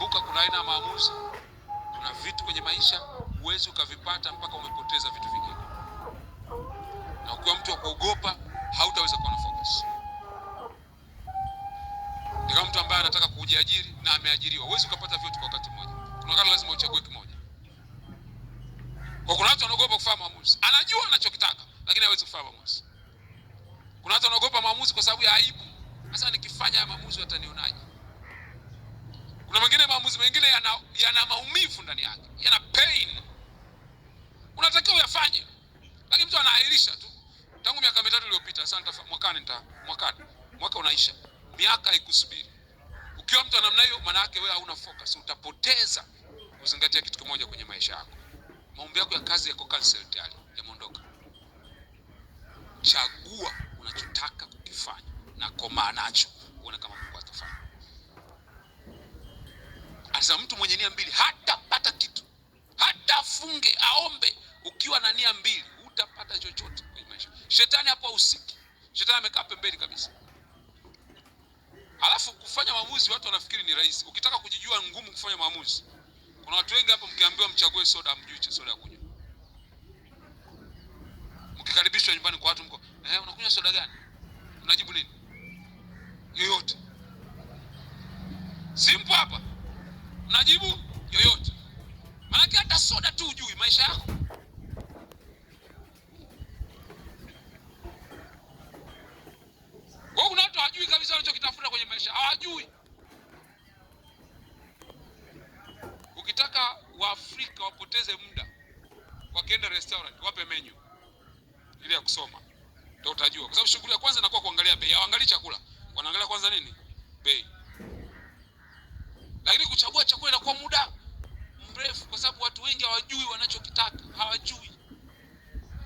Kumbuka, kuna aina ya maamuzi, kuna vitu kwenye maisha huwezi ukavipata mpaka umepoteza vitu vingine, na ukiwa mtu wa kuogopa hautaweza kuwa na focus. Ni kama mtu ambaye anataka kujiajiri na ameajiriwa, huwezi ukapata vyote kwa wakati mmoja. Kuna wakati lazima uchague kimoja, kwa kuna watu wanaogopa kufanya maamuzi, anajua anachokitaka lakini hawezi kufanya maamuzi. Kuna watu wanaogopa maamuzi kwa sababu ya aibu, Sasa nikifanya maamuzi watanionaje? Kuna mwingine maamuzi mengine yana, yana maumivu ndani yake, yana pain, unatakiwa uyafanye, lakini mtu anaahirisha tu. Tangu miaka mitatu iliyopita, sasa mwakani nita mwakani, mwaka unaisha, miaka ikusubiri. Ukiwa mtu namna hiyo, maana yake wewe hauna focus, utapoteza kuzingatia kitu kimoja kwenye maisha yako. Maombi yako ya kazi yako cancel tayari, yameondoka. Chagua unachotaka kukifanya na komaa nacho, uone kama Mungu atafanya kabisa, mtu mwenye nia mbili hatapata kitu, hata afunge aombe. Ukiwa na nia mbili utapata chochote kwenye maisha. Shetani hapo usiki, shetani amekaa pembeni kabisa. Alafu kufanya maamuzi, watu wanafikiri ni rahisi. Ukitaka kujijua, ngumu kufanya maamuzi. Kuna watu wengi hapo, mkiambiwa mchague soda, mjui cha soda ya kunywa. Mkikaribishwa nyumbani kwa watu, mko eh, unakunywa soda gani? Unajibu nini? Yoyote simpo hapa unajibu yoyote, maanake hata soda tu ujui maisha yako. Kuna watu hawajui kabisa wanachokitafuta kwenye maisha, hawajui. Ukitaka Waafrika wapoteze muda wakienda restaurant, wape menu ile ya kusoma, ndio utajua, kwa sababu shughuli ya kwanza inakuwa kuangalia bei. Hawaangalii chakula, wanaangalia kwanza nini? Bei lakini kuchagua chakula inakuwa muda mrefu, kwa sababu watu wengi hawajui wanachokitaka, hawajui.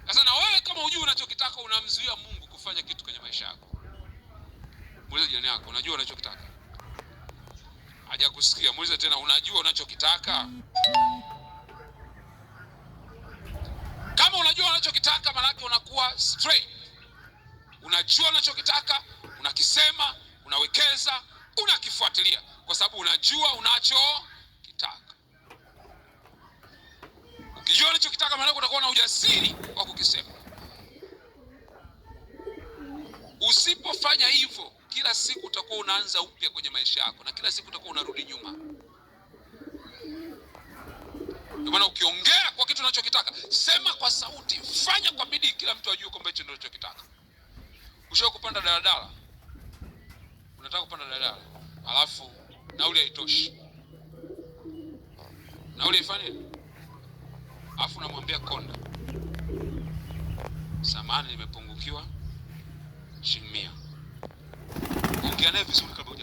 Sasa na wewe kama hujui unachokitaka, unamzuia Mungu kufanya kitu kwenye maisha yako. Muulize jirani yako, unajua unachokitaka? Hajakusikia. Muulize tena, unajua unachokitaka? Kama unajua unachokitaka, maanake unakuwa straight. Unajua unachokitaka, unakisema, unawekeza unakifuatilia kwa sababu unajua unachokitaka. Ukijua unachokitaka, maana utakuwa na ujasiri wa kukisema. Usipofanya hivyo, kila siku utakuwa unaanza upya kwenye maisha yako, na kila siku utakuwa unarudi nyuma. Ndio maana ukiongea kwa kitu unachokitaka, sema kwa sauti, fanya kwa bidii, kila mtu ajue kwamba hicho ndio unachokitaka. Ushawahi kupanda daladala? nataka kupanda daladala alafu nauli haitoshi, nauli ifanye, alafu namwambia konda, samani nimepungukiwa shilingi mia. Ongea naye vizuri kabisa.